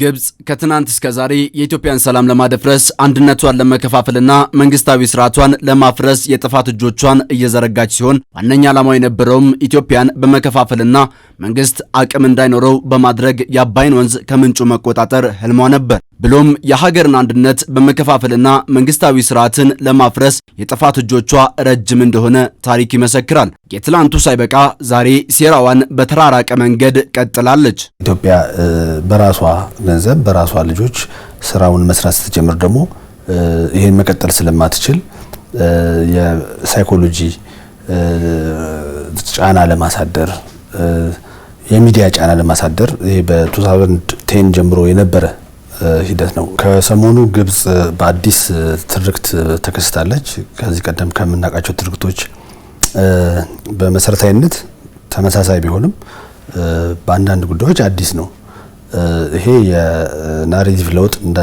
ግብጽ ከትናንት እስከ ዛሬ የኢትዮጵያን ሰላም ለማደፍረስ አንድነቷን ለመከፋፈልና መንግስታዊ ስርዓቷን ለማፍረስ የጥፋት እጆቿን እየዘረጋች ሲሆን ዋነኛ ዓላማው የነበረውም ኢትዮጵያን በመከፋፈልና መንግስት አቅም እንዳይኖረው በማድረግ የአባይን ወንዝ ከምንጩ መቆጣጠር ህልሟ ነበር። ብሎም የሀገርን አንድነት በመከፋፈልና መንግስታዊ ስርዓትን ለማፍረስ የጥፋት እጆቿ ረጅም እንደሆነ ታሪክ ይመሰክራል። የትላንቱ ሳይበቃ ዛሬ ሴራዋን በተራራቀ መንገድ ቀጥላለች። ኢትዮጵያ በራሷ ገንዘብ በራሷ ልጆች ስራውን መስራት ስትጀምር ደግሞ ይህን መቀጠል ስለማትችል የሳይኮሎጂ ጫና ለማሳደር የሚዲያ ጫና ለማሳደር ይህ በ2010 ጀምሮ የነበረ ሂደት ነው። ከሰሞኑ ግብጽ በአዲስ ትርክት ተከስታለች። ከዚህ ቀደም ከምናውቃቸው ትርክቶች በመሰረታዊነት ተመሳሳይ ቢሆንም በአንዳንድ ጉዳዮች አዲስ ነው። ይሄ የናሬቲቭ ለውጥ እንደ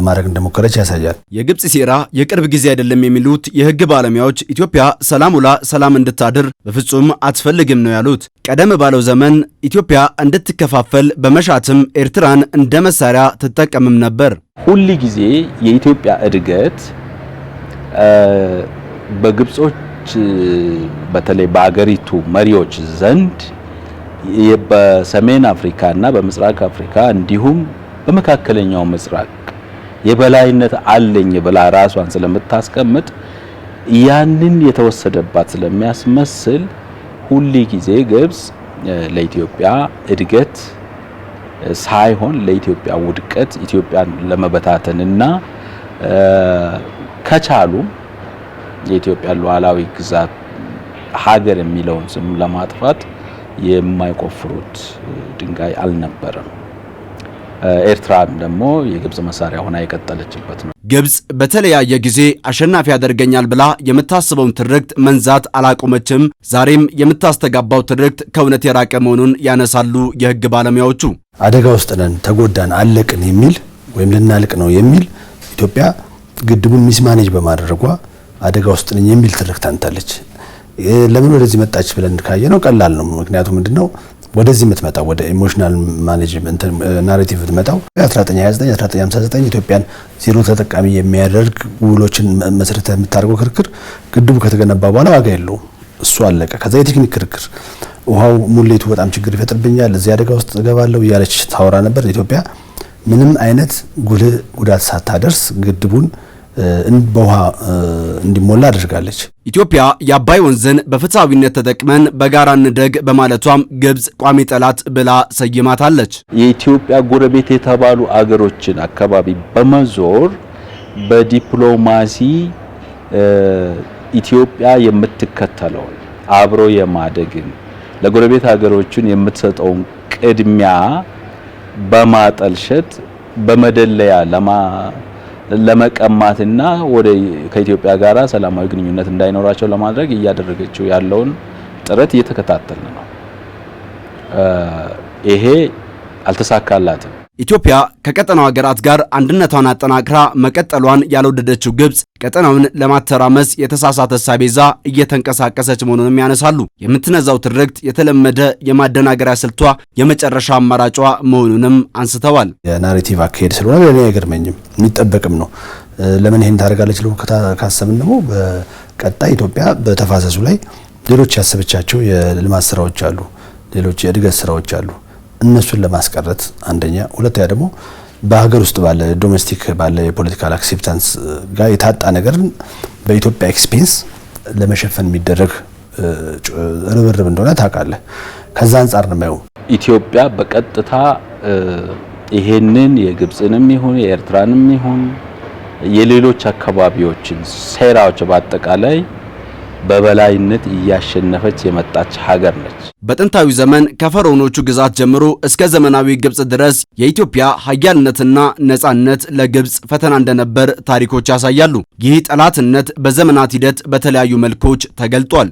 ለማድረግ እንደሞከረች ያሳያል። የግብፅ ሴራ የቅርብ ጊዜ አይደለም የሚሉት የህግ ባለሙያዎች ኢትዮጵያ ሰላም ውላ ሰላም እንድታድር በፍጹም አትፈልግም ነው ያሉት። ቀደም ባለው ዘመን ኢትዮጵያ እንድትከፋፈል በመሻትም ኤርትራን እንደ መሳሪያ ትጠቀምም ነበር። ሁል ጊዜ የኢትዮጵያ እድገት በግብጾች በተለይ በአገሪቱ መሪዎች ዘንድ በሰሜን አፍሪካ እና በምስራቅ አፍሪካ እንዲሁም በመካከለኛው ምስራቅ የበላይነት አለኝ ብላ ራሷን ስለምታስቀምጥ ያንን የተወሰደባት ስለሚያስመስል ሁል ጊዜ ግብጽ ለኢትዮጵያ እድገት ሳይሆን ለኢትዮጵያ ውድቀት ኢትዮጵያን ለመበታተንና ከቻሉ የኢትዮጵያ ሉዓላዊ ግዛት ሀገር የሚለውን ስም ለማጥፋት የማይቆፍሩት ድንጋይ አልነበረም። ኤርትራ ደግሞ የግብፅ መሳሪያ ሆና የቀጠለችበት ነው። ግብፅ በተለያየ ጊዜ አሸናፊ ያደርገኛል ብላ የምታስበውን ትርክት መንዛት አላቆመችም። ዛሬም የምታስተጋባው ትርክት ከእውነት የራቀ መሆኑን ያነሳሉ የህግ ባለሙያዎቹ። አደጋ ውስጥ ነን፣ ተጎዳን፣ አለቅን የሚል ወይም ልናልቅ ነው የሚል ኢትዮጵያ ግድቡን ሚስማኔጅ በማድረጓ አደጋ ውስጥ ነኝ የሚል ትርክት አንታለች። ለምን ወደዚህ መጣች ብለን ካየ ነው ቀላል ነው። ምክንያቱም ምንድነው? ወደዚህ የምትመጣው ወደ ኢሞሽናል ማኔጅመንት ናሬቲቭ የምትመጣው 1929 1959 ኢትዮጵያን ዜሮ ተጠቃሚ የሚያደርግ ውሎችን መሰረተ የምታደርገው ክርክር ግድቡ ከተገነባ በኋላ ዋጋ የለውም። እሱ አለቀ። ከዛ የቴክኒክ ክርክር ውሃው ሙሌቱ በጣም ችግር ይፈጥርብኛል፣ እዚህ አደጋ ውስጥ እገባለሁ እያለች ታወራ ነበር። ኢትዮጵያ ምንም አይነት ጉልህ ጉዳት ሳታደርስ ግድቡን በውሃ እንዲሞላ አድርጋለች። ኢትዮጵያ የአባይ ወንዝን በፍትሐዊነት ተጠቅመን በጋራ እንደግ በማለቷም ግብፅ ቋሚ ጠላት ብላ ሰይማታለች። የኢትዮጵያ ጎረቤት የተባሉ አገሮችን አካባቢ በመዞር በዲፕሎማሲ ኢትዮጵያ የምትከተለውን አብሮ የማደግን ለጎረቤት ሀገሮችን የምትሰጠውን ቅድሚያ በማጠልሸት በመደለያ ለማ ለመቀማትና ወደ ከኢትዮጵያ ጋራ ሰላማዊ ግንኙነት እንዳይኖራቸው ለማድረግ እያደረገችው ያለውን ጥረት እየተከታተልን ነው። ይሄ አልተሳካላትም። ኢትዮጵያ ከቀጠናው ሀገራት ጋር አንድነቷን አጠናክራ መቀጠሏን ያልወደደችው ግብጽ ቀጠናውን ለማተራመስ የተሳሳተ እሳቤ ይዛ እየተንቀሳቀሰች መሆኑንም ያነሳሉ። የምትነዛው ትርክት የተለመደ የማደናገሪያ ስልቷ የመጨረሻ አማራጯ መሆኑንም አንስተዋል። የናሬቲቭ አካሄድ ስለሆነ ለእኔ አይገርመኝም፣ የሚጠበቅም ነው። ለምን ይህን ታደርጋለች ብሎ ካሰብን ደግሞ በቀጣይ ኢትዮጵያ በተፋሰሱ ላይ ሌሎች ያሰበቻቸው የልማት ስራዎች አሉ፣ ሌሎች የእድገት ስራዎች አሉ እነሱን ለማስቀረት አንደኛ፣ ሁለተኛ ደግሞ በሀገር ውስጥ ባለ ዶሜስቲክ ባለ የፖለቲካል አክሴፕታንስ ጋር የታጣ ነገርን በኢትዮጵያ ኤክስፔንስ ለመሸፈን የሚደረግ ርብርብ እንደሆነ ታውቃለህ። ከዛ አንጻር ነው የማየው። ኢትዮጵያ በቀጥታ ይሄንን የግብፅንም ይሁን የኤርትራንም ይሁን የሌሎች አካባቢዎችን ሴራዎች በአጠቃላይ በበላይነት እያሸነፈች የመጣች ሀገር ነች። በጥንታዊ ዘመን ከፈርዖኖቹ ግዛት ጀምሮ እስከ ዘመናዊ ግብጽ ድረስ የኢትዮጵያ ሀያልነትና ነጻነት ለግብጽ ፈተና እንደነበር ታሪኮች ያሳያሉ። ይህ ጠላትነት በዘመናት ሂደት በተለያዩ መልኮች ተገልጧል።